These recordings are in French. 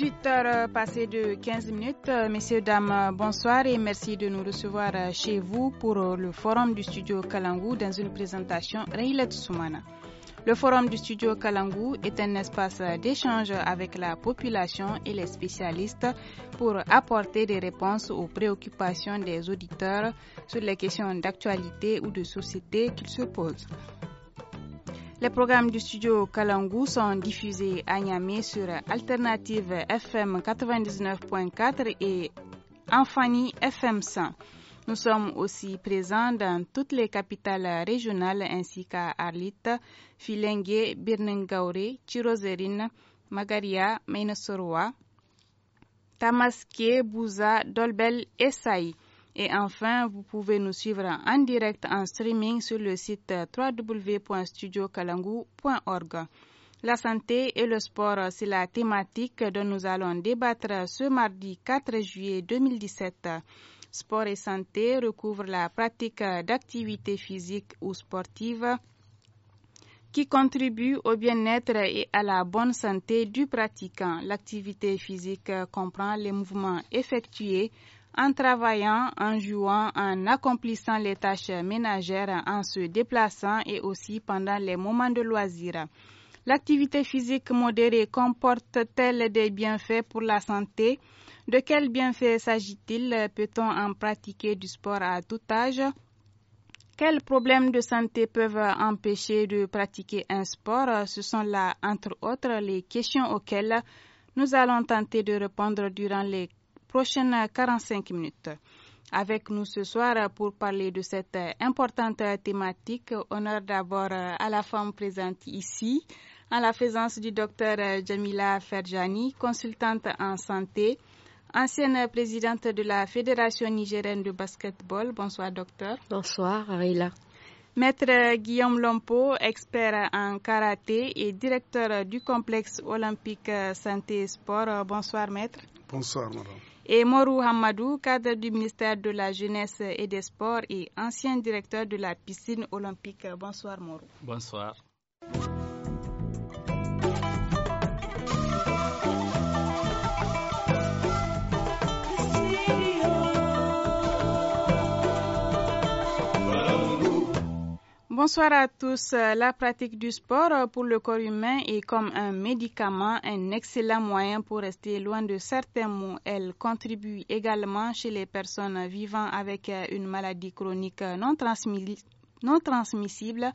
18 heures euh, passées de 15 minutes. Euh, messieurs, dames, euh, bonsoir et merci de nous recevoir chez vous pour le forum du studio Kalangou dans une présentation Reilet Soumana. Le forum du studio Kalangou est un espace d'échange avec la population et les spécialistes pour apporter des réponses aux préoccupations des auditeurs sur les questions d'actualité ou de société qu'ils se posent. Les programmes du studio Kalangu sont diffusés à Niamey sur Alternative FM 99.4 et Enfany FM 100. Nous sommes aussi présents dans toutes les capitales régionales ainsi qu'à Arlit, Filengue, Birnengaure, Tirozerine, Magaria, Mainesoroa, Tamaské, Bouza, Dolbel et Saï. Et enfin, vous pouvez nous suivre en direct en streaming sur le site www.studiokalangu.org. La santé et le sport, c'est la thématique dont nous allons débattre ce mardi 4 juillet 2017. Sport et santé recouvrent la pratique d'activités physiques ou sportives qui contribuent au bien-être et à la bonne santé du pratiquant. L'activité physique comprend les mouvements effectués en travaillant, en jouant, en accomplissant les tâches ménagères, en se déplaçant et aussi pendant les moments de loisirs. L'activité physique modérée comporte-t-elle des bienfaits pour la santé De quels bienfaits s'agit-il Peut-on en pratiquer du sport à tout âge quels problèmes de santé peuvent empêcher de pratiquer un sport Ce sont là, entre autres, les questions auxquelles nous allons tenter de répondre durant les prochaines 45 minutes. Avec nous ce soir pour parler de cette importante thématique, honneur d'abord à la femme présente ici, en la présence du docteur Jamila Ferjani, consultante en santé, ancienne présidente de la Fédération nigérienne de basketball. Bonsoir docteur. Bonsoir Arila. Maître Guillaume Lompo, expert en karaté et directeur du complexe olympique santé sport. Bonsoir maître. Bonsoir madame et Morou Hamadou, cadre du ministère de la Jeunesse et des Sports et ancien directeur de la piscine olympique. Bonsoir Morou. Bonsoir. Bonsoir à tous. La pratique du sport pour le corps humain est comme un médicament, un excellent moyen pour rester loin de certains maux. Elle contribue également chez les personnes vivant avec une maladie chronique non, non transmissible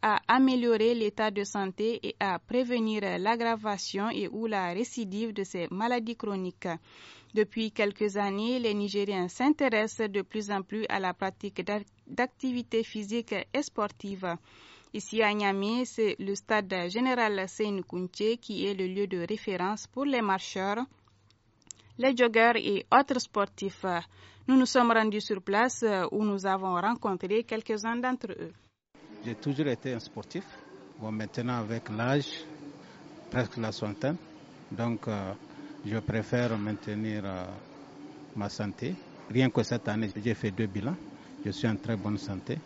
à améliorer l'état de santé et à prévenir l'aggravation et ou la récidive de ces maladies chroniques. Depuis quelques années, les Nigériens s'intéressent de plus en plus à la pratique d'activités physiques et sportives. Ici à Niamey, c'est le stade général Seine qui est le lieu de référence pour les marcheurs, les joggeurs et autres sportifs. Nous nous sommes rendus sur place où nous avons rencontré quelques-uns d'entre eux. J'ai toujours été un sportif. maintenant, avec l'âge, presque la soixantaine, donc euh, je préfère maintenir euh, ma santé. Rien que cette année, j'ai fait deux bilans. Je suis en très bonne santé.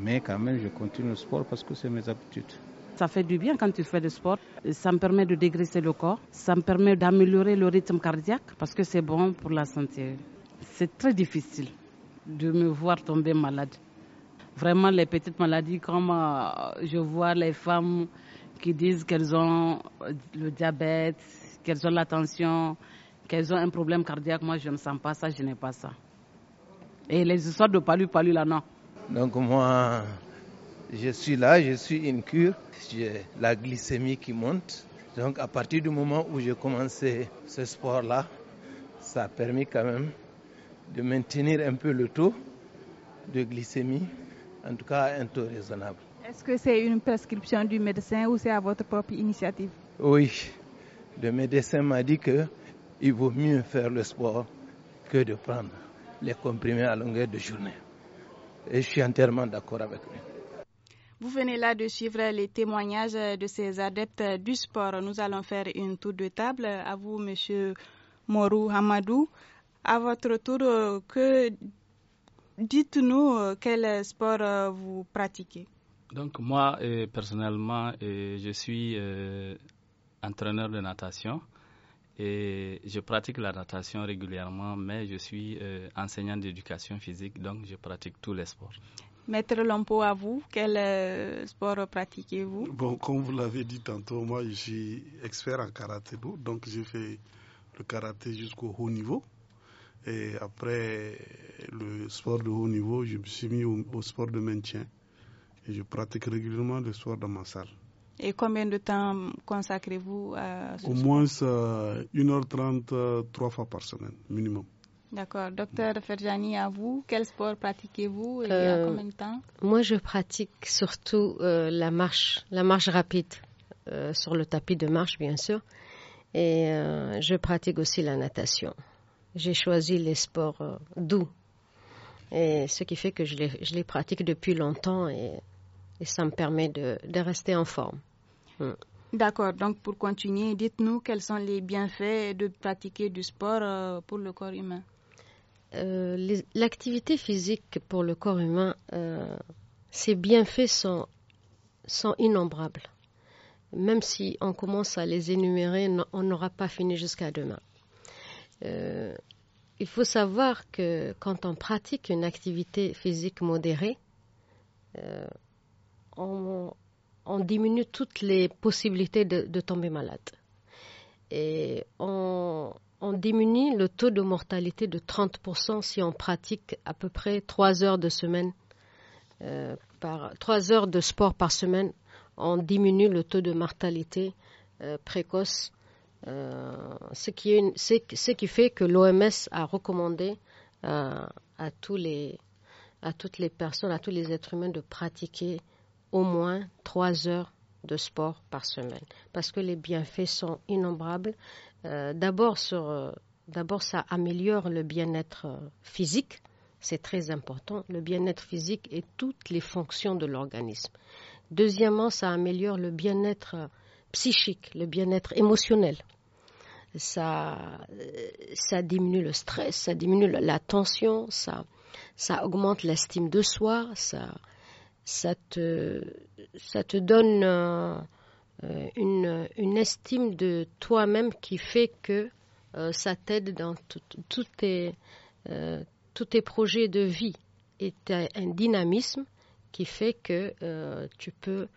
Mais quand même, je continue le sport parce que c'est mes habitudes. Ça fait du bien quand tu fais du sport. Ça me permet de dégraisser le corps. Ça me permet d'améliorer le rythme cardiaque parce que c'est bon pour la santé. C'est très difficile de me voir tomber malade. Vraiment, les petites maladies, comme euh, je vois les femmes qui disent qu'elles ont le diabète, qu'elles ont la tension, qu'elles ont un problème cardiaque. Moi, je ne sens pas ça, je n'ai pas ça. Et les histoires de palu, palu, là, non. Donc moi, je suis là, je suis une cure. J'ai la glycémie qui monte. Donc à partir du moment où j'ai commencé ce sport-là, ça a permis quand même de maintenir un peu le taux de glycémie, en tout cas un taux raisonnable. Est-ce que c'est une prescription du médecin ou c'est à votre propre initiative Oui, le médecin m'a dit que qu'il vaut mieux faire le sport que de prendre les comprimés à longueur de journée. Et je suis entièrement d'accord avec lui. Vous venez là de suivre les témoignages de ces adeptes du sport. Nous allons faire une tour de table. À vous, Monsieur Morou Hamadou. À votre tour, que dites-nous quel sport vous pratiquez. Donc moi, euh, personnellement, euh, je suis euh, entraîneur de natation et je pratique la natation régulièrement, mais je suis euh, enseignant d'éducation physique, donc je pratique tous les sports. Maître Lampo, à vous, quel euh, sport pratiquez-vous Bon, comme vous l'avez dit tantôt, moi je suis expert en karaté, donc j'ai fait le karaté jusqu'au haut niveau. Et après le sport de haut niveau, je me suis mis au, au sport de maintien. Et je pratique régulièrement le sport dans ma salle. Et combien de temps consacrez-vous à ce sport Au moins 1h30, euh, euh, trois fois par semaine, minimum. D'accord. Docteur Ferjani, à vous, quel sport pratiquez-vous et à euh, combien de temps Moi, je pratique surtout la marche, la marche rapide, sur le tapis de marche, bien sûr. Et je pratique aussi la natation. J'ai choisi les sports doux. Et ce qui fait que je les, je les pratique depuis longtemps et et ça me permet de, rester en forme. Mm. D'accord, donc pour continuer, dites-nous quels sont les bienfaits de pratiquer du sport euh, pour le corps humain. Euh, l'activité physique pour le corps humain, euh, ses bienfaits sont, sont innombrables. Même si on commence à les énumérer, on n'aura pas fini jusqu'à demain. il faut savoir que quand on pratique une activité physique modérée, on, diminue toutes les possibilités de, tomber malade. Et on, diminue le taux de mortalité de 30% si on pratique à peu près 3 heures de semaine. Euh, heures de sport par semaine, on diminue le taux de mortalité euh, précoce, euh, ce, qui fait que l'OMS a recommandé à toutes les personnes, à tous les êtres humains de pratiquer au moins trois heures de sport par semaine parce que les bienfaits sont innombrables. Euh, euh, d'abord, ça améliore le bien-être euh, physique, c'est très important, le bien-être physique et toutes les fonctions de l'organisme. Deuxièmement, ça améliore le bien-être psychique, le bien-être émotionnel. Ça, diminue le stress, ça diminue la tension, ça, ça augmente l'estime de soi, ça ça te, ça te donne euh, euh, une, estime de toi-même qui fait que euh, ça t'aide dans tous tes, tes projets de vie. Et tu as un dynamisme qui fait que tu, peux,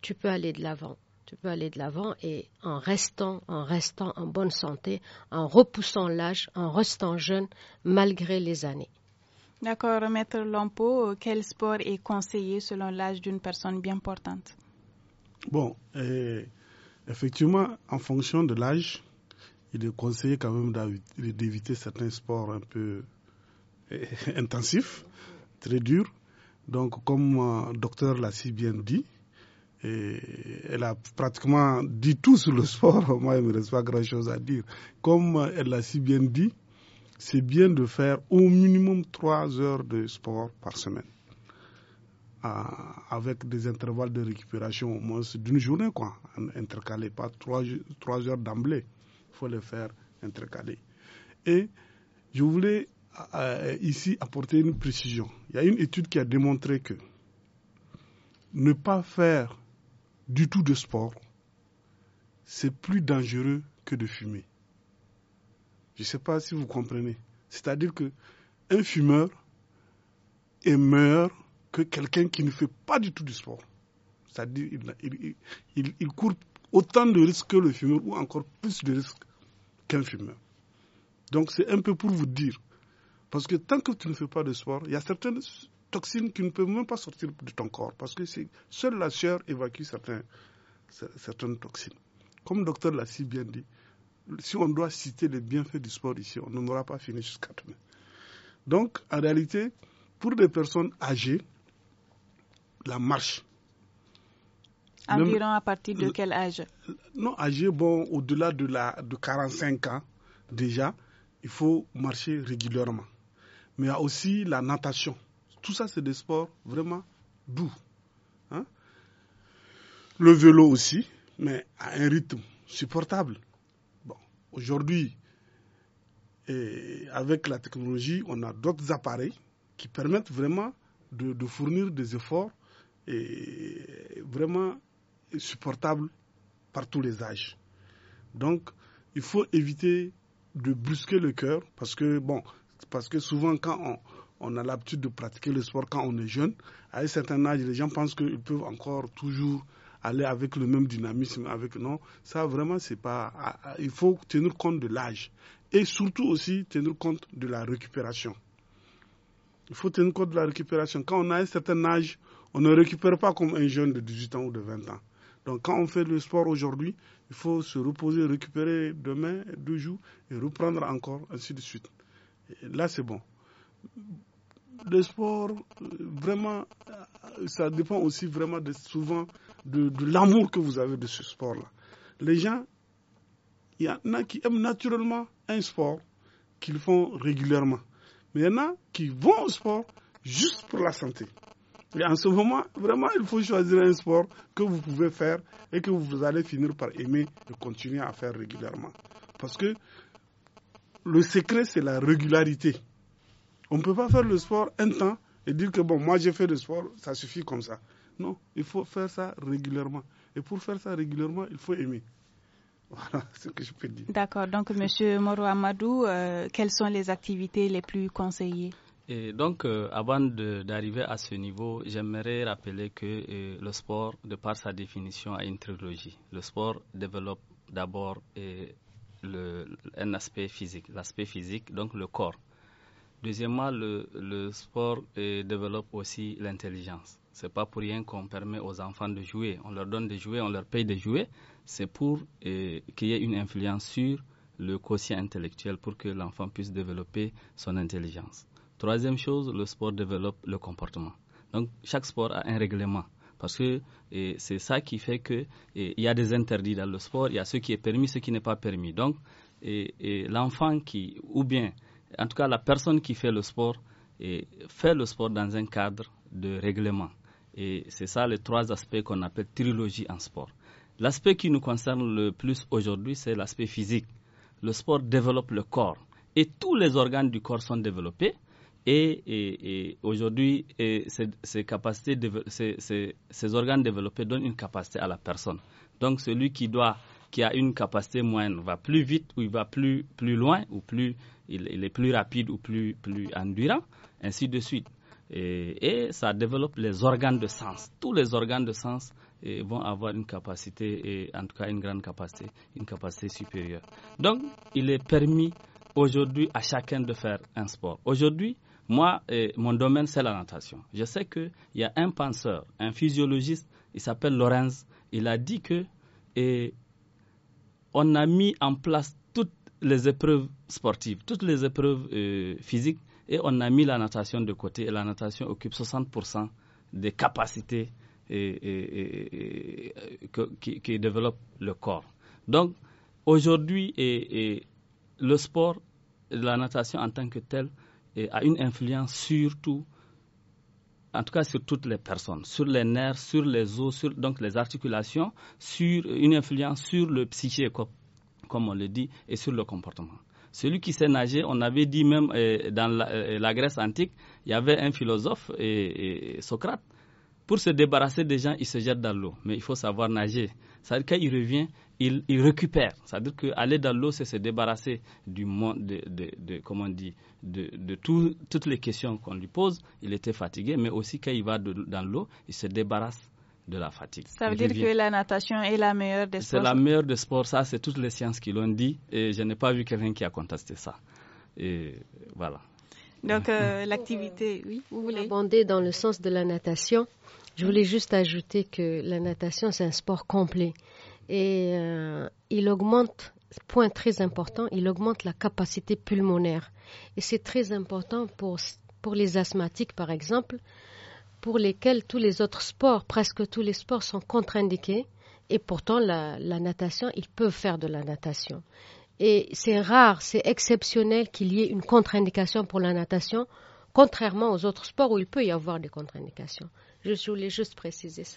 tu peux aller de l'avant. Tu peux aller de l'avant et en restant, en restant en bonne santé, en repoussant l'âge, en restant jeune malgré les années. D'accord, Maître Lampo, quel sport est conseillé selon l'âge d'une personne bien portante Bon, effectivement, en fonction de l'âge, il est conseillé quand même d'éviter certains sports un peu eh, intensifs, très durs. Donc, comme le euh, docteur l'a si bien dit, elle a pratiquement dit tout sur le sport. Moi, il ne me reste pas grand-chose à dire. Comme euh, elle l'a si bien dit, c'est bien de faire au minimum trois heures de sport par semaine. Ah, avec des intervalles de récupération au moins d'une journée, quoi. Intercalé, pas trois, trois heures d'emblée. Il faut les faire intercaler. Et je voulais ah, ah, ici apporter une précision. Il y a une étude qui a démontré que ne pas faire du tout de sport, c'est plus dangereux que de fumer. Je ne sais pas si vous comprenez. C'est-à-dire que fumeur est meilleur que quelqu'un qui ne fait pas du tout du sport. C'est-à-dire qu'il court autant de risques que le fumeur ou encore plus de risques qu'un fumeur. Donc c'est un peu pour vous dire. Parce que tant que tu ne fais pas de sport, il y a certaines toxines qui ne peuvent même pas sortir de ton corps. Parce que seule la chair évacue certaines toxines. Comme le docteur l'a bien dit, si on doit citer les bienfaits du sport ici, on n'aura pas fini jusqu'à demain. Donc, en réalité, pour des personnes âgées, la marche. Environ à partir de quel âge Non, âgé, bon, au-delà de, la, de 45 ans, déjà, il faut marcher régulièrement. Mais il y a aussi la natation. Tout ça, c'est des sports vraiment doux. Hein. Le vélo aussi, mais à un rythme supportable. Aujourd'hui, avec la technologie, on a d'autres appareils qui permettent vraiment de, fournir des efforts et vraiment supportables par tous les âges. Donc, il faut éviter de brusquer le cœur parce que, bon, parce que souvent quand on, on a l'habitude de pratiquer le sport quand on est jeune, à un certain âge, les gens pensent qu'ils peuvent encore toujours aller avec le même dynamisme, avec non, ça vraiment c'est pas. Ah, ah, il faut tenir compte de l'âge et surtout aussi tenir compte de la récupération. Il faut tenir compte de la récupération. Quand on a un certain âge, on ne récupère pas comme un jeune de 18 ans ou de 20 ans. Donc quand on fait le sport aujourd'hui, il faut se reposer, récupérer demain, deux jours, et reprendre encore, ainsi de suite. là, c'est bon le sport, euh, vraiment, euh, ça dépend aussi vraiment de, souvent de, de l'amour que vous avez de ce sport-là. Les gens, il y en a qui aiment naturellement un sport qu'ils font régulièrement. Mais il y en a qui vont au sport juste pour la santé. Et en ce moment, vraiment, il faut choisir un sport que vous pouvez faire et que vous allez finir par aimer et continuer à faire régulièrement. Parce que le secret, c'est la régularité. On ne peut pas faire le sport un temps et dire que bon, moi j'ai fait le sport, ça suffit comme ça. Non, il faut faire ça régulièrement. Et pour faire ça régulièrement, il faut aimer. Voilà ce que je peux dire. D'accord. Donc, Monsieur Moro Amadou, euh, quelles sont les activités les plus conseillées et donc, euh, avant d'arriver à ce niveau, j'aimerais rappeler que euh, le sport, de par sa définition, a une trilogie. Le sport développe d'abord un aspect physique, l'aspect physique, donc le corps. Deuxièmement, le, sport euh, développe aussi l'intelligence. Ce n'est pas pour rien qu'on permet aux enfants de jouer. On leur donne de jouer, on leur paye de jouer. C'est pour euh, qu'il y ait une influence sur le quotient intellectuel pour que l'enfant puisse développer son intelligence. Troisième chose, le sport développe le comportement. Donc chaque sport a un règlement parce que euh, c'est ça qui fait qu'il y a des interdits dans le sport, il y a ce qui est permis, ce qui n'est pas permis. Donc et l'enfant qui ou bien en tout cas, la personne qui fait le sport eh, fait le sport dans un cadre de règlement. Et c'est ça les trois aspects qu'on appelle trilogie en sport. L'aspect qui nous concerne le plus aujourd'hui, c'est l'aspect physique. Le sport développe le corps et tous les organes du corps sont développés. Et, aujourd'hui, ces, ces organes développés donnent une capacité à la personne. Donc celui qui doit qui a une capacité moyenne va plus vite ou il va plus, plus loin ou plus, il, est plus rapide ou plus, plus endurant, ainsi de suite. Et, ça développe les organes de sens. Tous les organes de sens eh, vont avoir une capacité, et, eh, en tout cas une grande capacité, une capacité supérieure. Donc, il est permis aujourd'hui à chacun de faire un sport. Aujourd'hui, moi, eh, mon domaine, c'est la natation. Je sais qu'il y a un penseur, un physiologiste, il s'appelle Lorenz. Il a dit que on a mis en place toutes les épreuves sportives, toutes les épreuves euh, physiques, et on a mis la natation de côté. Et la natation occupe 60% des capacités qui, qui, développent le corps. Donc, aujourd'hui, le sport, la natation en tant que telle, a une influence surtout en tout cas sur toutes les personnes, sur les nerfs, sur les os, sur donc les articulations, sur une influence sur le psyché, comme on le dit, et sur le comportement. Celui qui s'est nager, on avait dit même euh, dans euh, la, Grèce antique, il y avait un philosophe, Socrate, pour se débarrasser des gens, il se jette dans l'eau, mais il faut savoir nager. C'est-à-dire qu'il revient, il, récupère. C'est-à-dire qu'aller dans l'eau, c'est se débarrasser du monde, de, de, toutes les questions qu'on lui pose. Il était fatigué, mais aussi quand il va dans l'eau, il se débarrasse de la fatigue. Ça veut dire que la natation est la meilleure des sports C'est la meilleure des sports, ça, c'est toutes les sciences qui l'ont dit, et je n'ai pas vu quelqu'un qui a contesté ça. Et voilà. Donc, euh, mm. l'activité, oui, vous voulez dans le sens de la natation. Je voulais juste ajouter que la natation, c'est un sport complet. Et euh, il augmente, point très important, il augmente la capacité pulmonaire. Et c'est très important pour, pour les asthmatiques, par exemple, pour lesquels tous les autres sports, presque tous les sports, sont contre-indiqués. Et pourtant, la, la, natation, ils peuvent faire de la natation. Et c'est rare, c'est exceptionnel qu'il y ait une contre-indication pour la natation, contrairement aux autres sports où il peut y avoir des contre-indications. Je voulais juste préciser ça.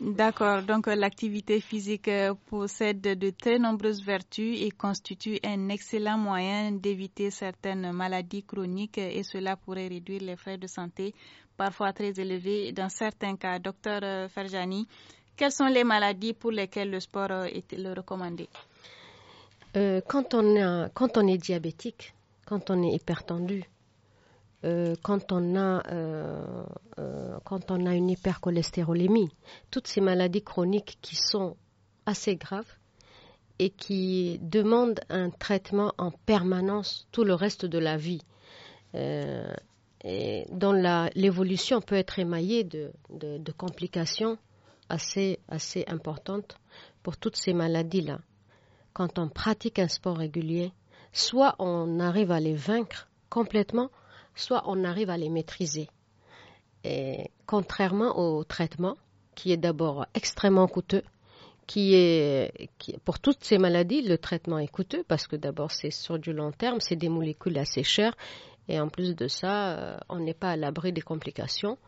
D'accord, donc euh, l'activité physique euh, possède de très nombreuses vertus et constitue un excellent moyen d'éviter certaines maladies chroniques et cela pourrait réduire les frais de santé parfois très élevés dans certains cas. Docteur euh, Ferjani, quelles sont les maladies pour lesquelles le sport est le recommandé euh, quand, on a, quand on est diabétique, quand on est hypertendu, euh, quand, on a, euh, quand on a une hypercholestérolémie, toutes ces maladies chroniques qui sont assez graves et qui demandent un traitement en permanence tout le reste de la vie. et dont l'évolution peut être émaillée de, de complications assez, assez importantes pour toutes ces maladies-là quand on pratique un sport régulier, soit on arrive à les vaincre complètement, soit on arrive à les maîtriser. Et contrairement au traitement, qui est d'abord extrêmement coûteux, qui est qui, pour toutes ces maladies, le traitement est coûteux parce que d'abord c'est sur du long terme, c'est des molécules assez chères et en plus de ça, euh, on n'est pas à l'abri des complications.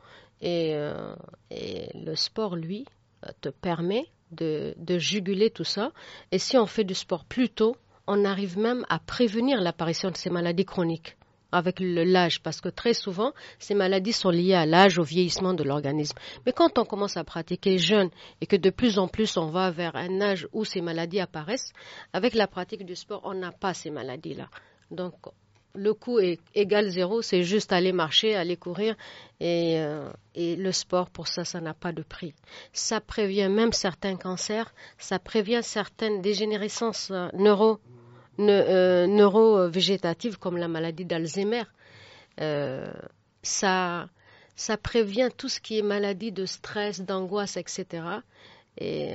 Et, euh, et, le sport, lui, euh, te permet de, juguler tout ça. Et si on fait du sport plus tôt, on arrive même à prévenir l'apparition de ces maladies chroniques avec l'âge, parce que très souvent, ces maladies sont liées à l'âge, au vieillissement de l'organisme. Mais quand on commence à pratiquer jeune et que de plus en plus on va vers un âge où ces maladies apparaissent, avec la pratique du sport, on n'a pas ces maladies-là. Donc, le coût est égal zéro, c'est juste aller marcher, aller courir. Euh, et, le sport, pour ça, ça n'a pas de prix. Ça prévient même certains cancers, ça prévient certaines dégénérescences euh, neuro, ne, euh, comme la maladie d'Alzheimer. ça, ça prévient tout ce qui est maladie de stress, d'angoisse, etc. Et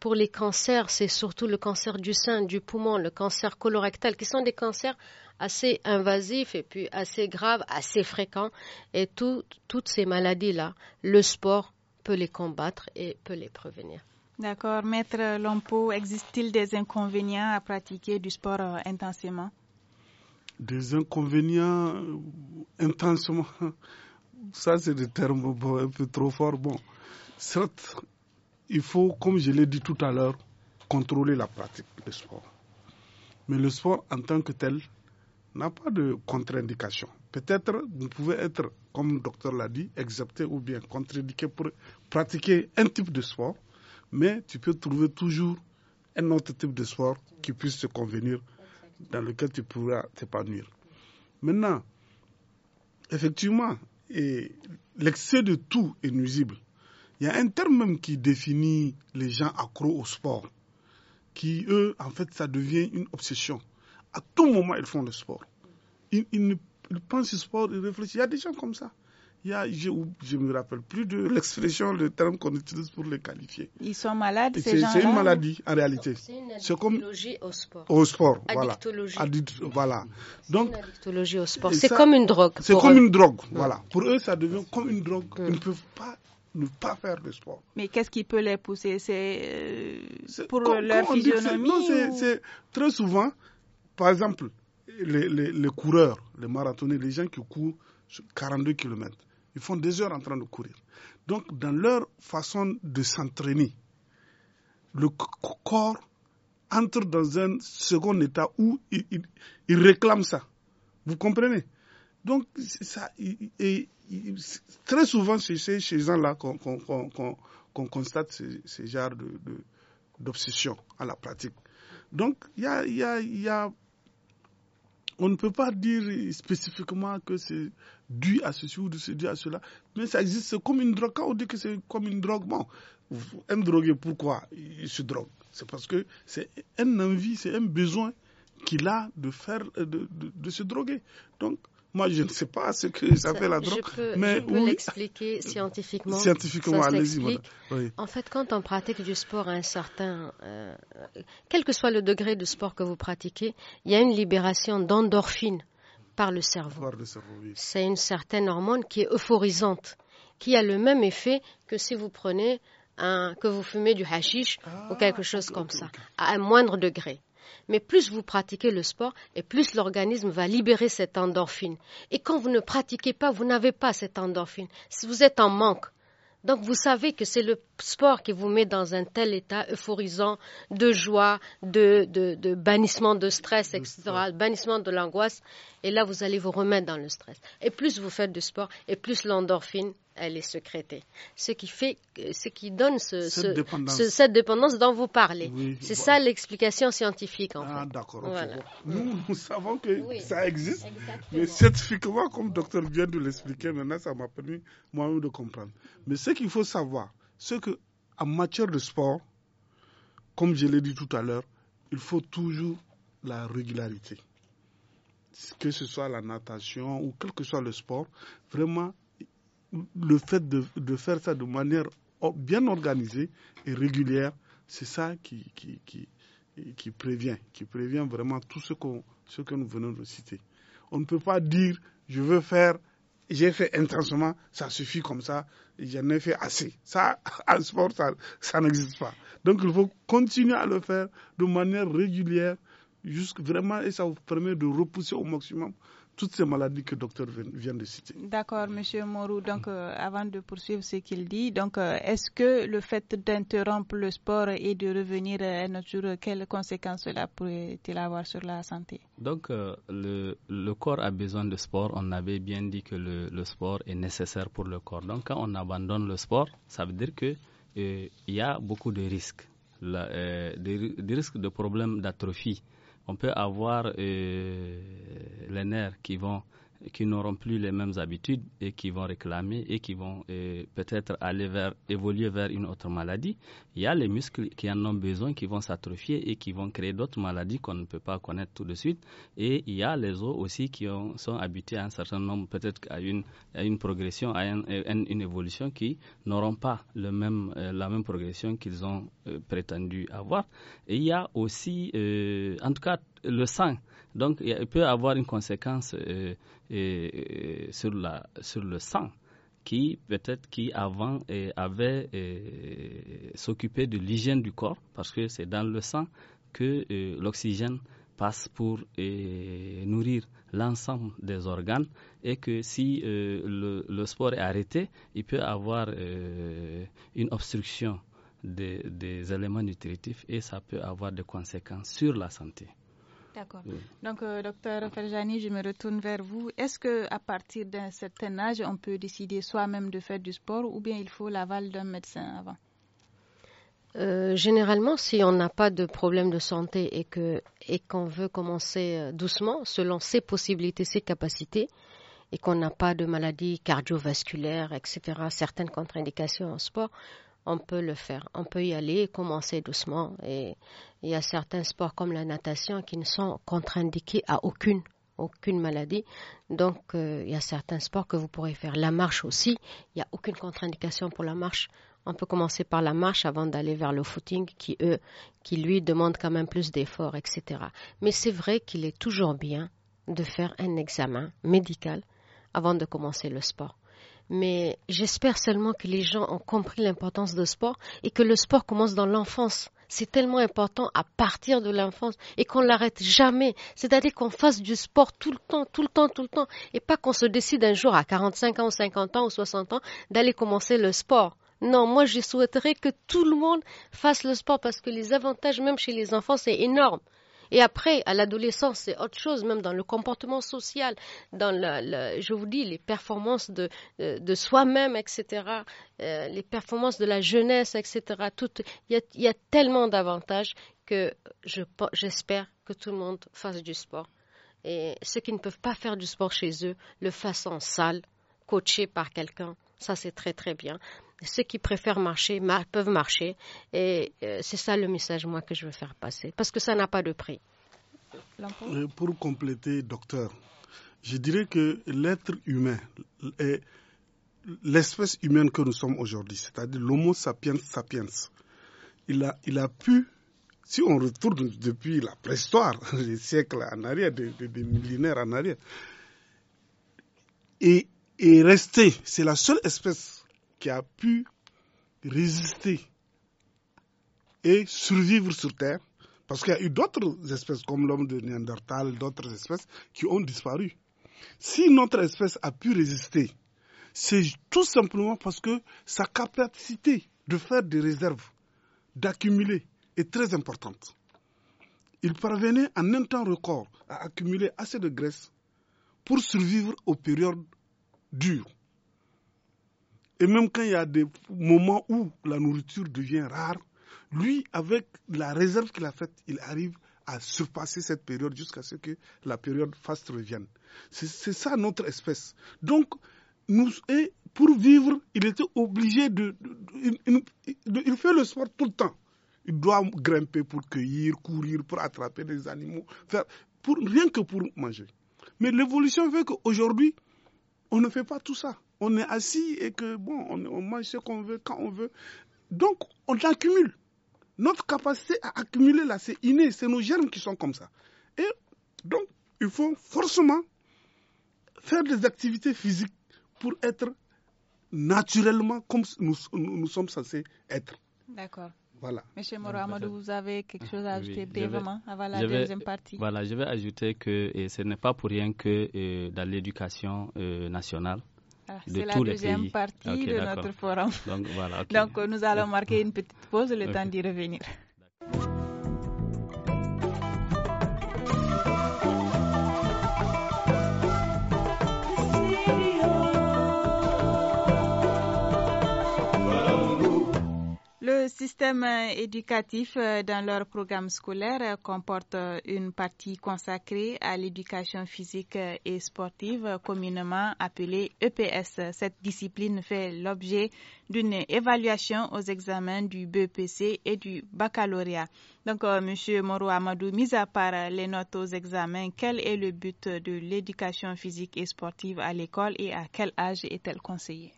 pour les cancers, c'est surtout le cancer du sein, du poumon, le cancer colorectal, qui sont des cancers assez invasif et puis assez grave, assez fréquent. Et toutes ces maladies-là, le sport peut les combattre et peut les prévenir. D'accord. Maître Lompo, existe-t-il des inconvénients à pratiquer du sport euh, intensément Des inconvénients euh, intensément Ça, c'est des termes un peu trop forts. Bon, certes, il faut, comme je l'ai dit tout à l'heure, contrôler la pratique du sport. Mais le sport en tant que tel, n'a pas de contre-indication. Peut-être vous pouvez être, comme le docteur l'a dit, exempté ou bien contre-indiqué pour pratiquer un type de sport, mais tu peux trouver toujours un autre type de sport qui puisse te convenir, dans lequel tu pourras t'épanouir. Maintenant, effectivement, l'excès de tout est nuisible. Il y a un terme même qui définit les gens accros au sport, qui, eux, en fait, ça devient une obsession. À tout moment, ils font le sport. Ils, pensent au sport, ils réfléchissent. Il y a des gens comme ça. Il y a, je ne me rappelle plus de l'expression, le terme qu'on utilise pour les qualifier. Ils sont malades, ces gens C'est une maladie, en réalité. C'est une addictologie au sport. Au sport, voilà. Addictologie. voilà. Donc, une addictologie au sport. C'est comme une drogue. C'est comme une drogue, voilà. Pour eux, ça devient comme une drogue. Ils ne mm. peuvent pas ne pas faire de sport. Mais qu'est-ce qui peut les pousser C'est euh, pour leur physionomie Non, c'est très souvent, par exemple, les, les, les coureurs, les marathonniers, les gens qui courent 42 km, ils font des heures en train de courir. Donc, dans leur façon de s'entraîner, le corps entre dans un second état où il, il, réclame ça. Vous comprenez Donc, ça, et, très souvent, c'est chez ces gens-là qu'on constate ce, genre d'obsession de, à la pratique. Donc, il y a, y, a, y a on ne peut pas dire spécifiquement que c'est dû à ceci ou c'est dû à cela, mais ça existe comme une drogue. Quand on dit que c'est comme une drogue, bon, un drogué, pourquoi il se drogue C'est parce que c'est un envie, c'est un besoin qu'il a de faire, de, se droguer. Donc, moi, je ne sais pas ce que ça, fait la drogue. l'expliquer scientifiquement. Scientifiquement, allez-y, En fait, quand on pratique du sport à un certain. Euh, quel que soit le degré de sport que vous pratiquez, il y a une libération d'endorphines par le cerveau. C'est une certaine hormone qui est euphorisante, qui a le même effet que si vous prenez. Un, que vous fumez du hashish ou ah, quelque chose comme ça, à un moindre degré. Mais plus vous pratiquez le sport et plus l'organisme va libérer cette endorphine. Et quand vous ne pratiquez pas, vous n'avez pas cette endorphine. Si vous êtes en manque, donc vous savez que c'est le sport qui vous met dans un tel état euphorisant de joie, de, bannissement de stress, etc., bannissement de l'angoisse. Et là, vous allez vous remettre dans le stress. Et plus vous faites du sport, et plus l'endorphine elle est sécrétée. Ce qui, fait, ce qui donne ce, cette, dépendance. dont vous parlez. c'est ça l'explication scientifique, en ah, D'accord. Nous, nous savons que ça existe, mais scientifiquement, comme le docteur vient de l'expliquer, maintenant, ça m'a permis moi de comprendre. Mais ce qu'il faut savoir, c'est qu'en matière de sport, comme je l'ai dit tout à l'heure, il faut toujours la régularité que ce soit la natation ou quel que soit le sport, vraiment le fait de, de, faire ça de manière bien organisée et régulière, c'est ça qui, qui, qui, prévient, qui prévient vraiment tout ce, ce que nous venons de citer. On ne peut pas dire je veux faire, j'ai fait intensément, ça suffit comme ça, j'en ai fait assez. Ça, en sport, ça, n'existe pas. Donc il faut continuer à le faire de manière régulière, vraiment, et ça vous permet de repousser au maximum toutes ces maladies que le docteur vient de citer. D'accord, Monsieur Morou. Donc, euh, avant de poursuivre ce qu'il dit, donc, euh, est-ce que le fait d'interrompre le sport et de revenir à jour, quelles conséquences cela pourrait-il avoir sur la santé Donc, euh, le, corps a besoin de sport. On avait bien dit que le, sport est nécessaire pour le corps. Donc, quand on abandonne le sport, ça veut dire que il y a beaucoup de risques, des risques de problèmes d'atrophie on peut avoir euh, les nerfs qui vont qui n'auront plus les mêmes habitudes et qui vont réclamer et qui vont euh, peut-être aller vers, évoluer vers une autre maladie. Il y a les muscles qui en ont besoin, qui vont s'atrophier et qui vont créer d'autres maladies qu'on ne peut pas connaître tout de suite. Et il y a les os aussi qui sont habitués à un certain nombre, peut-être à une, progression, à, une évolution qui n'auront pas le même, euh, la même progression qu'ils ont euh, prétendu avoir. Et il y a aussi, en tout cas, le sang donc, il peut avoir une conséquence euh, euh, euh, sur, le sang qui peut-être qui avant avait s'occupé de l'hygiène du corps parce que c'est dans le sang que l'oxygène passe pour nourrir l'ensemble des organes et que si le, sport est arrêté, il peut avoir une obstruction des éléments nutritifs et ça peut avoir des conséquences sur la santé. D'accord. Donc, euh, docteur Ferjani, je me retourne vers vous. Est-ce que à partir d'un certain âge, on peut décider soi-même de faire du sport ou bien il faut l'aval d'un médecin avant euh, généralement, si on n'a pas de problème de santé et que et qu'on veut commencer euh, doucement, selon ses possibilités, ses capacités, et qu'on n'a pas de maladies cardiovasculaires, etc., certaines contre-indications en sport, on peut le faire. On peut y aller, commencer doucement. Et il y a certains sports comme la natation qui ne sont contre-indiqués à aucune aucune maladie. Donc, euh, il y a certains sports que vous pourrez faire. La marche aussi, il n'y a aucune contre-indication pour la marche. On peut commencer par la marche avant d'aller vers le footing qui, eux, qui lui demande quand même plus d'efforts, etc. Mais c'est vrai qu'il est toujours bien de faire un examen médical avant de commencer le sport mais j'espère seulement que les gens ont compris l'importance de sport et que le sport commence dans l'enfance. C'est tellement important à partir de l'enfance et qu'on l'arrête jamais. C'est-à-dire qu'on fasse du sport tout le temps, tout le temps, tout le temps et pas qu'on se décide un jour à 45 ans ou 50 ans ou 60 ans d'aller commencer le sport. Non, moi je souhaiterais que tout le monde fasse le sport parce que les avantages même chez les enfants c'est énorme. Et après, à l'adolescence, c'est autre chose, même dans le comportement social, dans, je vous dis, les performances de, euh, de soi-même, etc., euh, les performances de la jeunesse, etc. Il y, a, tellement d'avantages que j'espère que tout le monde fasse du sport. Et ceux qui ne peuvent pas faire du sport chez eux, le fassent en salle, coaché par quelqu'un. Ça, c'est très, très bien ceux qui préfèrent marcher peuvent marcher. Et euh, c'est ça le message, moi, que je veux faire passer, parce que ça n'a pas de prix. Euh, pour compléter, docteur, je dirais que l'être humain est l'espèce humaine que nous sommes aujourd'hui, c'est-à-dire l'homo sapiens sapiens. Il a, il a pu, si on retourne depuis la préhistoire, des siècles en arrière, des, millénaires en arrière, et, et rester, c'est la seule espèce qui a pu résister et survivre sur Terre, parce qu'il y a eu d'autres espèces comme l'homme de Néandertal, d'autres espèces qui ont disparu. Si notre espèce a pu résister, c'est tout simplement parce que sa capacité de faire des réserves, d'accumuler, est très importante. Il parvenait en un temps record à accumuler assez de graisse pour survivre aux périodes dures. Et même quand il y a des moments où la nourriture devient rare, lui, avec la réserve qu'il a faite, il arrive à surpasser cette période jusqu'à ce que la période faste revienne. C'est ça notre espèce. Donc, nous, pour vivre, il était obligé de, Il fait le sport tout le temps. Il doit grimper pour cueillir, courir, pour attraper des animaux, faire, pour, rien que pour manger. Mais l'évolution fait qu'aujourd'hui, on ne fait pas tout ça on est assis et que, bon, on, mange ce qu'on veut, quand on veut. Donc, on accumule. Notre capacité à accumuler, là, c'est inné, c'est nos germes qui sont comme ça. Et donc, il faut forcément faire des activités physiques pour être naturellement comme nous, nous, sommes censés être. D'accord. Voilà. Monsieur Moro vous avez quelque ah, chose à ajouter avant la deuxième partie Voilà, je vais ajouter que ce n'est pas pour rien que euh, dans l'éducation euh, nationale, ah, c'est la deuxième partie de notre forum. Donc, nous allons marquer une petite pause, le temps d'y revenir. Le système euh, éducatif euh, dans leur programme scolaire euh, comporte une partie consacrée à l'éducation physique et sportive, communément appelée EPS. Cette discipline fait l'objet d'une évaluation aux examens du BPC e et du baccalauréat. Donc, Monsieur Moro Amadou, mis à part les notes aux examens, quel est le but de l'éducation physique et sportive à l'école et à quel âge est-elle conseillée?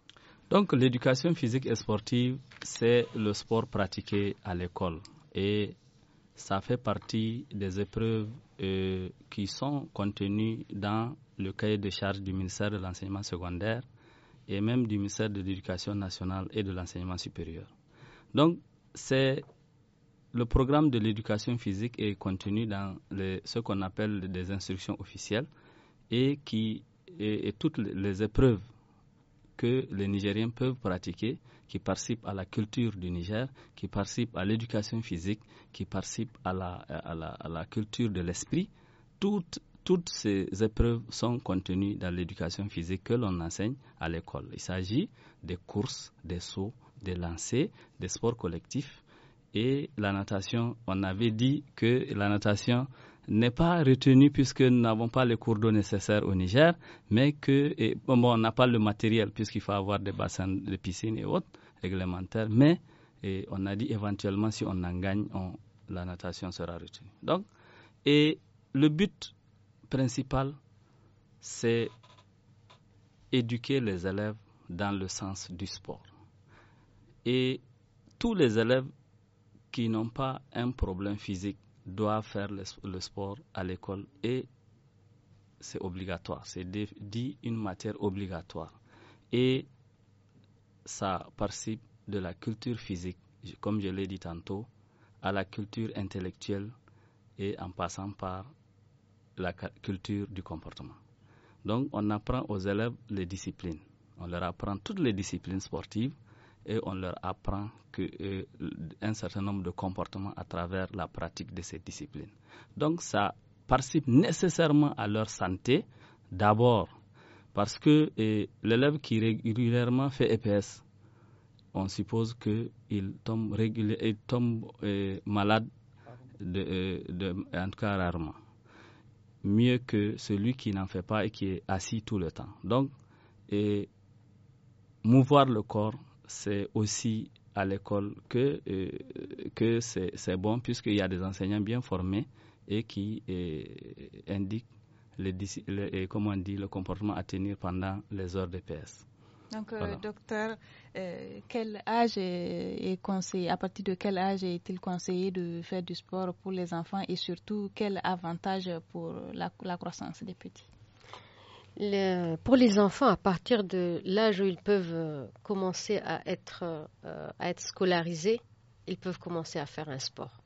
Donc l'éducation physique et sportive, c'est le sport pratiqué à l'école et ça fait partie des épreuves euh, qui sont contenues dans le cahier de charge du ministère de l'enseignement secondaire et même du ministère de l'Éducation nationale et de l'enseignement supérieur. Donc, c'est le programme de l'éducation physique est contenu dans ce qu'on appelle des instructions officielles et qui et toutes les épreuves que les Nigériens peuvent pratiquer, qui participent à la culture du Niger, qui participent à l'éducation physique, qui participent à la, culture de l'esprit. Toutes, toutes ces épreuves sont contenues dans l'éducation physique que l'on enseigne à l'école. Il s'agit des courses, des sauts, des lancers, des sports collectifs. Et la natation, on avait dit que la natation, n'est pas retenu puisque nous n'avons pas les cours d'eau nécessaires au Niger, mais que bon, on n'a pas le matériel puisqu'il faut avoir des bassins de piscines et autres réglementaires, mais on a dit éventuellement si on en gagne, la natation sera retenue. Donc, et le but principal, c'est éduquer les élèves dans le sens du sport. Et tous les élèves qui n'ont pas un problème physique doit faire le, sport à l'école et c'est obligatoire. C'est dit une matière obligatoire. Et ça participe de la culture physique, comme je l'ai dit tantôt, à la culture intellectuelle et en passant par la culture du comportement. Donc on apprend aux élèves les disciplines. On leur apprend toutes les disciplines sportives et on leur apprend que, euh, un certain nombre de comportements à travers la pratique de ces disciplines. Donc ça participe nécessairement à leur santé d'abord parce que euh, l'élève qui régulièrement fait EPS, on suppose qu'il tombe, il tombe euh, malade, en tout cas rarement, mieux que celui qui n'en fait pas et qui est assis tout le temps. Donc, et mouvoir le corps, c'est aussi à l'école que, euh, c'est bon, puisqu'il y a des enseignants bien formés et qui euh, indiquent les, euh, dit, le comportement à tenir pendant les heures de PS. Donc, docteur, quel âge est, à partir de quel âge est-il conseillé de faire du sport pour les enfants et surtout quel avantage pour la, la croissance des petits pour les enfants, à partir de l'âge où ils peuvent euh, commencer euh, à être, scolarisés, ils peuvent commencer à faire un sport.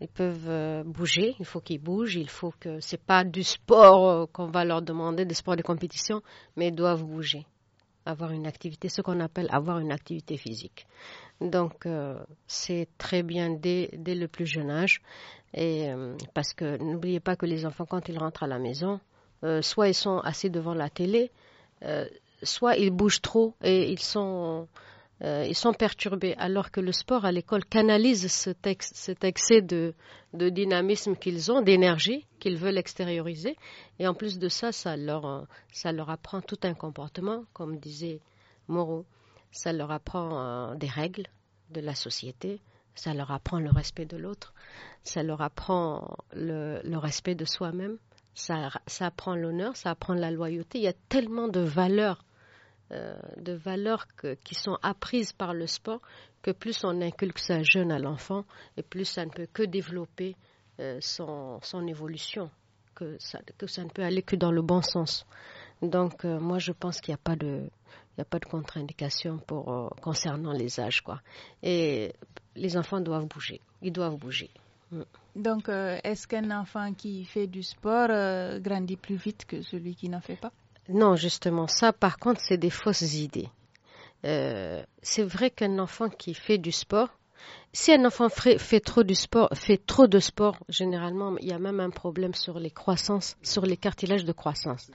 Ils peuvent euh, bouger, il faut qu'ils bougent, il faut que c'est pas du sport qu'on va leur demander, des sports de compétition, mais ils doivent bouger, avoir une activité, ce qu'on appelle avoir une activité physique. Donc c'est très bien dès, dès, le plus jeune âge, et, parce que n'oubliez pas que les enfants quand ils rentrent à la maison, euh, soit ils sont assis devant la télé, euh, soit ils bougent trop et ils sont, euh, ils sont perturbés. Alors que le sport à l'école canalise cet, cet excès de, dynamisme qu'ils ont, d'énergie qu'ils veulent extérioriser. Et en plus de ça, ça leur, apprend tout un comportement, comme disait Moreau. Ça leur apprend des règles de la société, ça leur apprend le respect de l'autre, ça leur apprend le respect de soi-même ça, apprend l'honneur, ça apprend la loyauté. Il y a tellement de valeurs, euh, de valeurs qui sont apprises par le sport que plus on inculque ça jeune à l'enfant et plus ça ne peut que développer euh, son, évolution, que ça, ne peut aller que dans le bon sens. Donc euh, moi je pense qu'il n'y a pas de contre-indication pour concernant les âges quoi. Et les enfants doivent bouger, ils doivent bouger. Donc, euh, est-ce qu'un enfant qui fait du sport euh, grandit plus vite que celui qui n'en fait pas Non, justement, ça, par contre, c'est des fausses idées. Euh, c'est vrai qu'un enfant qui fait du sport, si un enfant fait, trop du sport, fait trop de sport, généralement, il y a même un problème sur les croissances, sur les cartilages de croissance.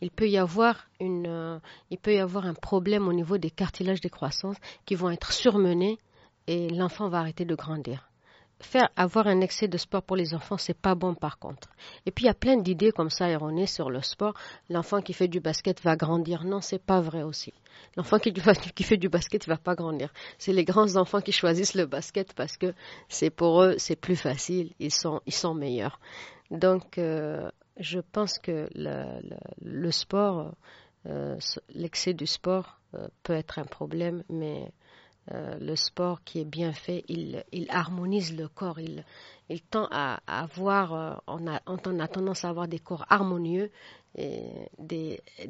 Il peut y avoir une, il peut y avoir un problème au niveau des cartilages de croissance qui vont être surmenés et l'enfant va arrêter de grandir faire avoir un excès de sport pour les enfants, c'est pas bon par contre. Et puis il y a plein d'idées comme ça erronées sur le sport. L'enfant qui fait du basket va grandir. Non, c'est pas vrai aussi. L'enfant qui, fait du basket va pas grandir. C'est les grands enfants qui choisissent le basket parce que c'est pour eux, c'est plus facile, ils sont, ils sont meilleurs. Donc euh, je pense que le, le, sport, euh, l'excès du sport euh, peut être un problème, mais euh, le sport qui est bien fait, il, harmonise le corps, il, tend à, avoir, on, euh, a, tendance à avoir des corps harmonieux, et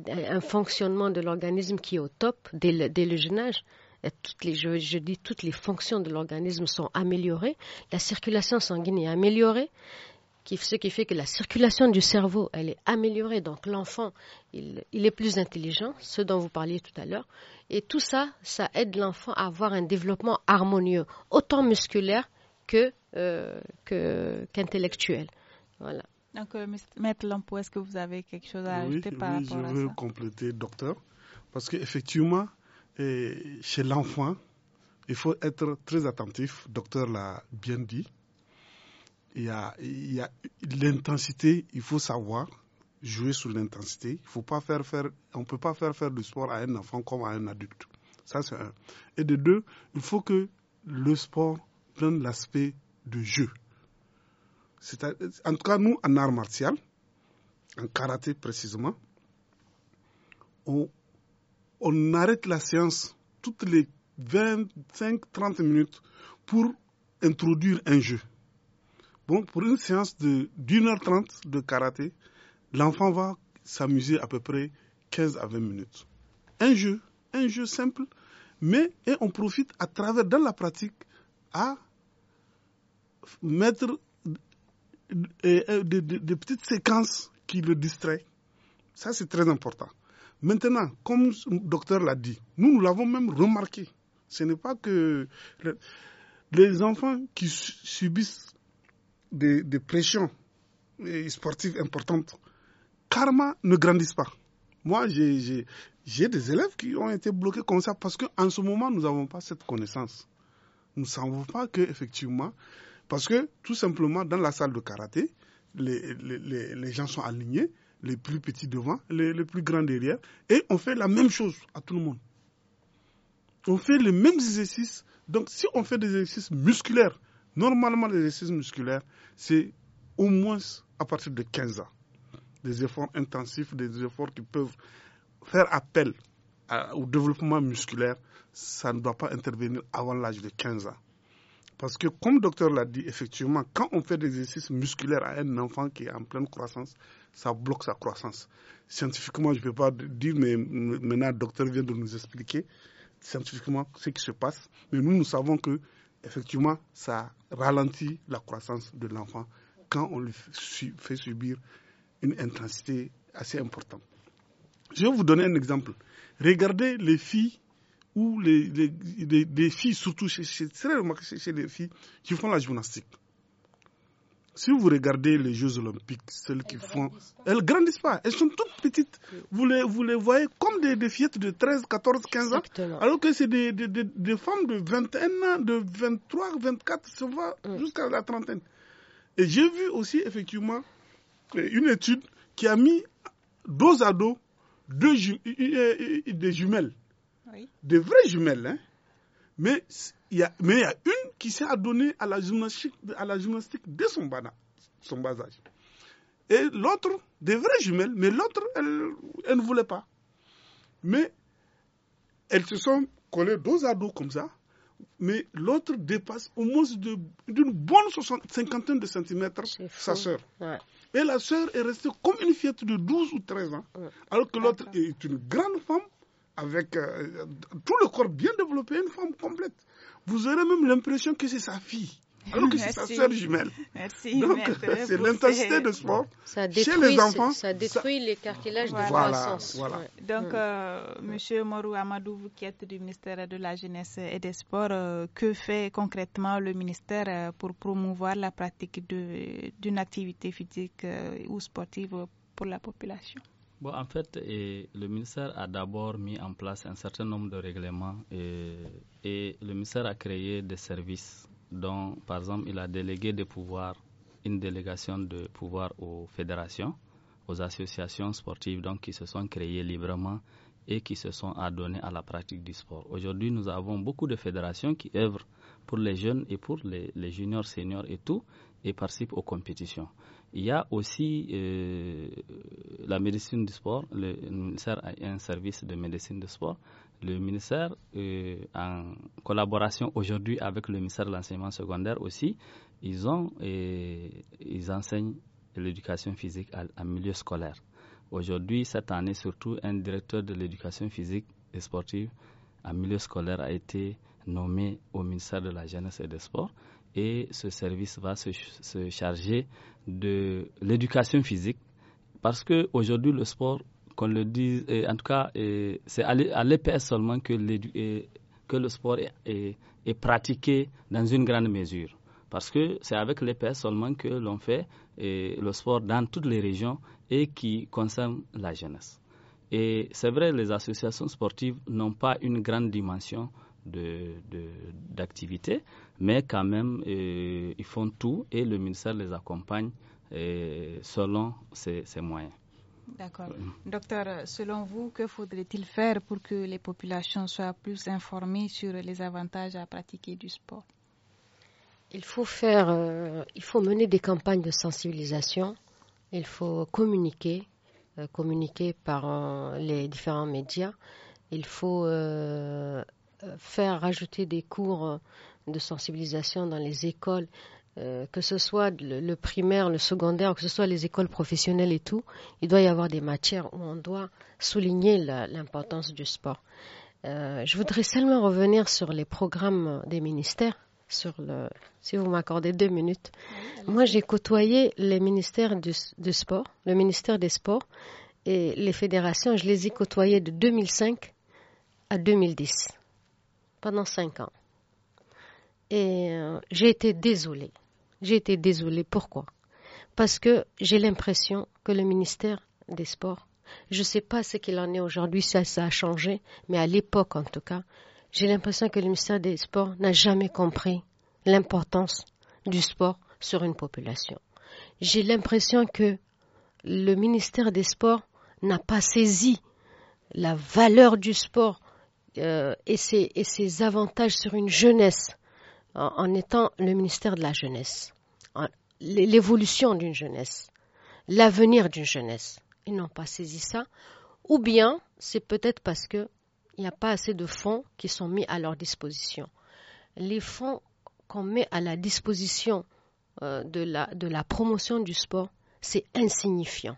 un fonctionnement de l'organisme qui est au top dès le, dès jeune âge. je, je, dis toutes les fonctions de l'organisme sont améliorées, la circulation sanguine est améliorée, ce qui fait que la circulation du cerveau, elle est améliorée. Donc l'enfant, il, est plus intelligent, ce dont vous parliez tout à l'heure. Et tout ça, ça aide l'enfant à avoir un développement harmonieux, autant musculaire euh, qu'intellectuel. voilà. Donc, euh, Maître Lampo, est-ce que vous avez quelque chose à ajouter par rapport à ça Je veux compléter, docteur, parce qu'effectivement, chez l'enfant, il faut être très attentif, docteur l'a bien dit, il y a, l'intensité, il faut savoir jouer sur l'intensité. Il faut pas faire faire, on peut pas faire faire du sport à un enfant comme à un adulte. Ça c'est un. Et de deux, il faut que le sport prenne l'aspect de jeu. C'est en tout cas nous en art martial, en karaté précisément, on, on arrête la séance toutes les 25-30 minutes pour introduire un jeu. Bon, pour une séance de 1h30 de karaté, l'enfant va s'amuser à peu près 15 à 20 minutes. Un jeu, un jeu simple, mais et on profite à travers dans la pratique à mettre des, des petites séquences qui le distraient. Ça, c'est très important. Maintenant, comme le docteur l'a dit, nous, nous l'avons même remarqué. Ce n'est pas que les enfants qui subissent des pressions pression sportive importante, karma ne grandit pas. Moi, j'ai des élèves qui ont été bloqués comme ça parce qu'en ce moment, nous n'avons pas cette connaissance. Nous ne savons pas qu'effectivement, parce que tout simplement, dans la salle de karaté, les, gens sont alignés, les plus petits devant, les, les, plus grands derrière, et on fait la même chose à tout le monde. On fait les mêmes exercices. Donc, si on fait des exercices musculaires, Normalement, l'exercice musculaire, c'est au moins à partir de 15 ans. Des efforts intensifs, des efforts qui peuvent faire appel au développement musculaire, ça ne doit pas intervenir avant l'âge de 15 ans. Parce que, comme le docteur l'a dit, effectivement, quand on fait des exercices musculaires à un enfant qui est en pleine croissance, ça bloque sa croissance. Scientifiquement, je ne peux pas dire, mais maintenant, le docteur vient de nous expliquer scientifiquement ce qui se passe. Mais nous, nous savons que effectivement, ça ralentit la croissance de l'enfant quand on lui fait subir une intensité assez importante. Je vais vous donner un exemple. Regardez les filles ou les, filles, surtout chez les filles, qui font la gymnastique. Si vous regardez les Jeux Olympiques, celles qui font, elles grandissent pas. Elles sont toutes petites. Vous les, voyez comme des, fillettes de 13, 14, 15 ans. Alors que c'est des, des, femmes de 21 ans, de 23, 24, ça mm. jusqu'à la trentaine. Et j'ai vu aussi, effectivement, eh, une étude qui a mis dos à dos deux des jumelles. Des vraies jumelles, hein mais il y, a, mais il y a une qui s'est adonnée à la gymnastique, à la gymnastique dès son bas, âge. Et l'autre, des vraies jumelles, mais l'autre, elle, elle, ne voulait pas. Mais elles se sont collées dos à dos comme ça, mais l'autre dépasse au moins d'une bonne cinquantaine de centimètres sa sœur. Et la sœur est restée comme une fillette de 12 ou 13 ans, alors que l'autre est une grande femme avec euh, tout le corps bien développé, une femme complète. Vous aurez même l'impression que c'est sa fille. Alors que c'est sa sœur jumelle. Merci, Donc, c'est l'intensité de sport ça détruit, chez les enfants. Ça détruit les cartilages de croissance. Donc, mm. euh, Monsieur Morou Amadou, vous qui êtes du ministère de la Jeunesse et des Sports, euh, que fait concrètement le ministère pour promouvoir la pratique d'une activité physique ou sportive pour la population en fait, le ministère a d'abord mis en place un certain nombre de règlements et, le ministère a créé des services dont, par exemple, il a délégué des pouvoirs, une délégation de pouvoir aux fédérations, aux associations sportives donc, qui se sont créées librement et qui se sont adonnées à la pratique du sport. Aujourd'hui, nous avons beaucoup de fédérations qui œuvrent pour les jeunes et pour les juniors, seniors et tout, et participent aux compétitions. Il y a aussi euh, la médecine du sport. Le, ministère a un service de médecine du sport. Le ministère, euh, en collaboration aujourd'hui avec le ministère de l'enseignement secondaire aussi, ils, ont, euh, ils enseignent l'éducation physique en milieu scolaire. Aujourd'hui, cette année surtout, un directeur de l'éducation physique et sportive en milieu scolaire a été nommé au ministère de la Jeunesse et des Sports et ce service va se, charger de l'éducation physique parce que aujourd'hui le sport qu'on le dise en tout cas c'est à l'EPS seulement que, le sport est, pratiqué dans une grande mesure parce que c'est avec l'EPS seulement que l'on fait le sport dans toutes les régions et qui concerne la jeunesse. Et c'est vrai, les associations sportives n'ont pas une grande dimension d'activités, de, mais quand même, euh, ils font tout et le ministère les accompagne euh, selon ses, moyens. D'accord. Euh. Docteur, selon vous, que faudrait-il faire pour que les populations soient plus informées sur les avantages à pratiquer du sport Il faut faire, il faut mener des campagnes de sensibilisation, il faut communiquer, communiquer par les différents médias, il faut faire rajouter des cours euh, de sensibilisation dans les écoles, euh, que ce soit le, primaire, le secondaire, que ce soit les écoles professionnelles et tout, il doit y avoir des matières où on doit souligner l'importance du sport. Euh, je voudrais seulement revenir sur les programmes des ministères. si vous m'accordez deux minutes, moi j'ai côtoyé les ministères du, du sport, le ministère des sports et les fédérations. Je les ai côtoyées de 2005 à 2010 pendant cinq ans. Et euh, j'ai été désolée. J'ai été désolée. Pourquoi Parce que j'ai l'impression que le ministère des Sports, je ne sais pas ce qu'il en est aujourd'hui, ça, ça a changé, mais à l'époque en tout cas, j'ai l'impression que le ministère des Sports n'a jamais compris l'importance du sport sur une population. J'ai l'impression que le ministère des Sports n'a pas saisi la valeur du sport euh, et, ses, avantages sur une jeunesse en, étant le ministère de la jeunesse, l'évolution d'une jeunesse, l'avenir d'une jeunesse. Ils n'ont pas saisi ça. Ou bien, c'est peut-être parce qu'il n'y a pas assez de fonds qui sont mis à leur disposition. Les fonds qu'on met à la disposition euh, de la promotion du sport, c'est insignifiant.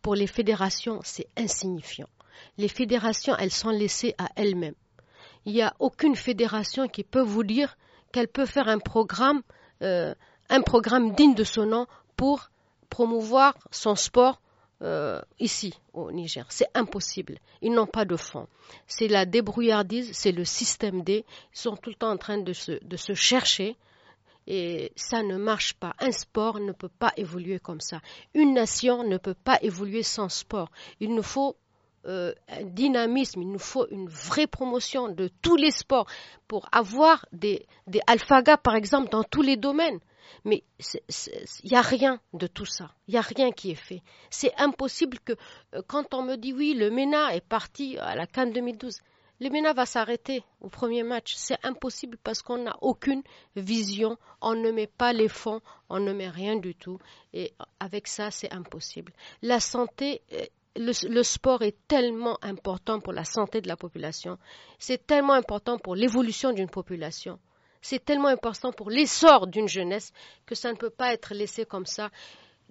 Pour les fédérations, c'est insignifiant les fédérations, elles sont laissées à elles-mêmes. Il n'y a aucune fédération qui peut vous dire qu'elle peut faire un programme, euh, un programme digne de son nom pour promouvoir son sport euh, ici au Niger. C'est impossible. Ils n'ont pas de fonds. C'est la débrouillardise, c'est le système D. Ils sont tout le temps en train de se, de se chercher et ça ne marche pas. Un sport ne peut pas évoluer comme ça. Une nation ne peut pas évoluer sans sport. Il nous faut euh, dynamisme, il nous faut une vraie promotion de tous les sports pour avoir des, des alphagas, par exemple, dans tous les domaines. Mais il n'y a rien de tout ça. Il n'y a rien qui est fait. C'est impossible que, euh, quand on me dit oui, le MENA est parti à la Cannes 2012, le MENA va s'arrêter au premier match. C'est impossible parce qu'on n'a aucune vision, on ne met pas les fonds, on ne met rien du tout. Et avec ça, c'est impossible. La santé euh, le, sport est tellement important pour la santé de la population, c'est tellement important pour l'évolution d'une population, c'est tellement important pour l'essor d'une jeunesse que ça ne peut pas être laissé comme ça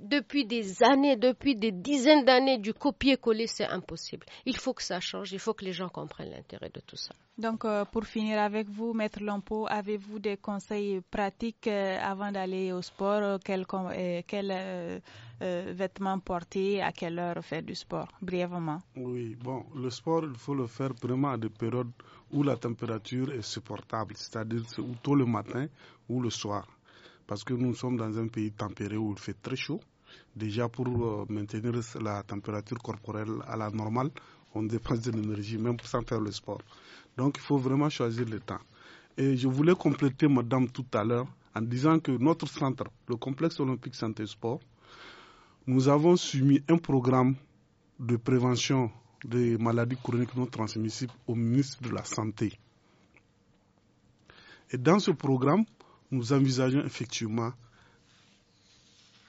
depuis des années, depuis des dizaines d'années, du copier-coller, c'est impossible. Il faut que ça change, il faut que les gens comprennent l'intérêt de tout ça. Donc, euh, pour finir avec vous, Maître Lampo, avez-vous des conseils pratiques euh, avant d'aller au sport Quels euh, quel, vêtements porter À quelle heure faire du sport Brièvement. Oui, bon, le sport, il faut le faire vraiment à des périodes où la température est supportable, c'est-à-dire tôt le matin ou le soir. Parce que nous sommes dans un pays tempéré où il fait très chaud. Déjà pour euh, maintenir la température corporelle à la normale, on dépense de l'énergie même sans faire le sport. Donc il faut vraiment choisir le temps. Et je voulais compléter, madame, tout à l'heure en disant que notre centre, le complexe olympique santé sport, nous avons soumis un programme de prévention des maladies chroniques non transmissibles au ministre de la Santé. Et dans ce programme, nous envisageons effectivement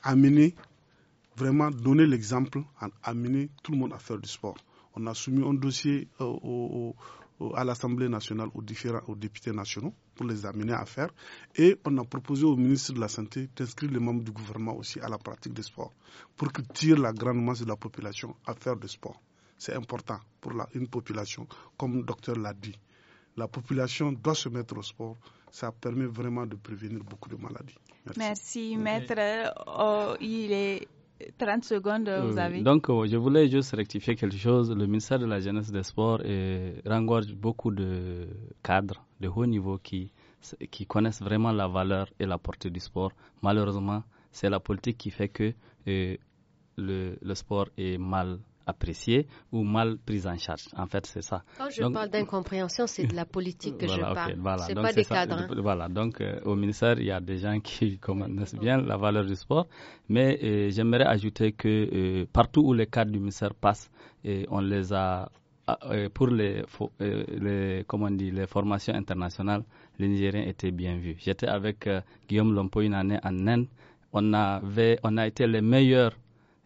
amener vraiment donner l'exemple, amener tout le monde à faire du sport. On a soumis un dossier euh, à l'Assemblée nationale aux, aux députés nationaux pour les amener à faire. Et on a proposé au ministre de la Santé d'inscrire les membres du gouvernement aussi à la pratique des sports pour que tire la grande masse de la population à faire du sport. C'est important pour une population, comme le docteur l'a dit. La population doit se mettre au sport ça permet vraiment de prévenir beaucoup de maladies. Merci, Merci maître. Oh, il est 30 secondes, vous avez. Donc, euh, je voulais juste rectifier quelque chose. Le ministère de la Jeunesse des Sports euh, rengorge beaucoup de cadres de haut niveau qui, connaissent vraiment la valeur et la portée du sport. Malheureusement, c'est la politique qui fait que euh, le sport est mal apprécié ou mal pris en charge. En fait, c'est ça. Quand je parle d'incompréhension, c'est de la politique que je parle. C'est pas des cadres. Hein. Voilà. Donc, euh, au ministère, il y a des gens qui connaissent bien la valeur du sport, mais euh, j'aimerais ajouter que euh, partout où les cadres du ministère passent, et on les a ah, pour les, les, comment les formations internationales, les Nigériens étaient bien vus. J'étais avec Guillaume Lompo une année en Inde. On, avait, on a été les meilleurs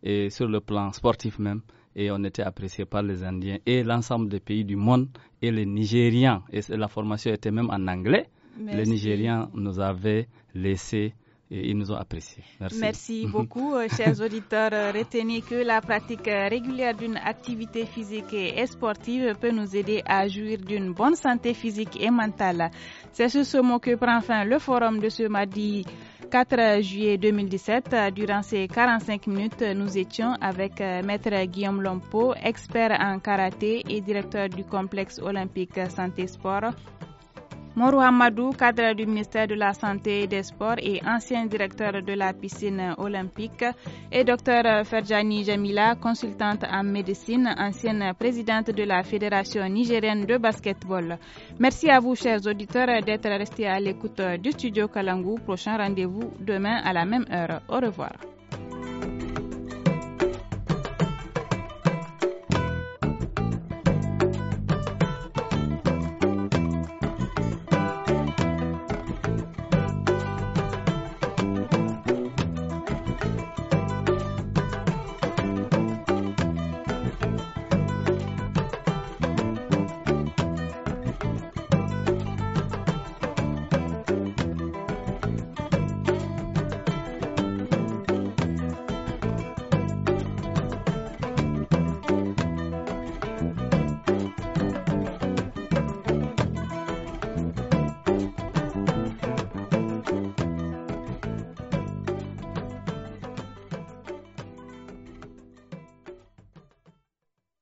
et sur le plan sportif même et on était apprécié par les Indiens et l'ensemble des pays du monde et les Nigérians. Et la formation était même en anglais. les Nigérians nous avaient laissé et ils nous ont appréciés. Merci. Merci beaucoup, euh, chers auditeurs. Euh, retenez que la pratique euh, régulière d'une activité physique et sportive peut nous aider à jouir d'une bonne santé physique et mentale. C'est sur ce mot que prend fin le forum de ce mardi. 4 juillet 2017, durant ces 45 minutes, nous étions avec Maître Guillaume Lompo, expert en karaté et directeur du complexe olympique santé sport, Moro Hamadou, cadre du ministère de la Santé et des Sports et ancien directeur de la piscine olympique, et Dr Ferjani Jamila, consultante en médecine, ancienne présidente de la Fédération nigérienne de basketball. Merci à vous, chers auditeurs, d'être restés à l'écoute du studio Kalangu. Prochain rendez-vous demain à la même heure. Au revoir.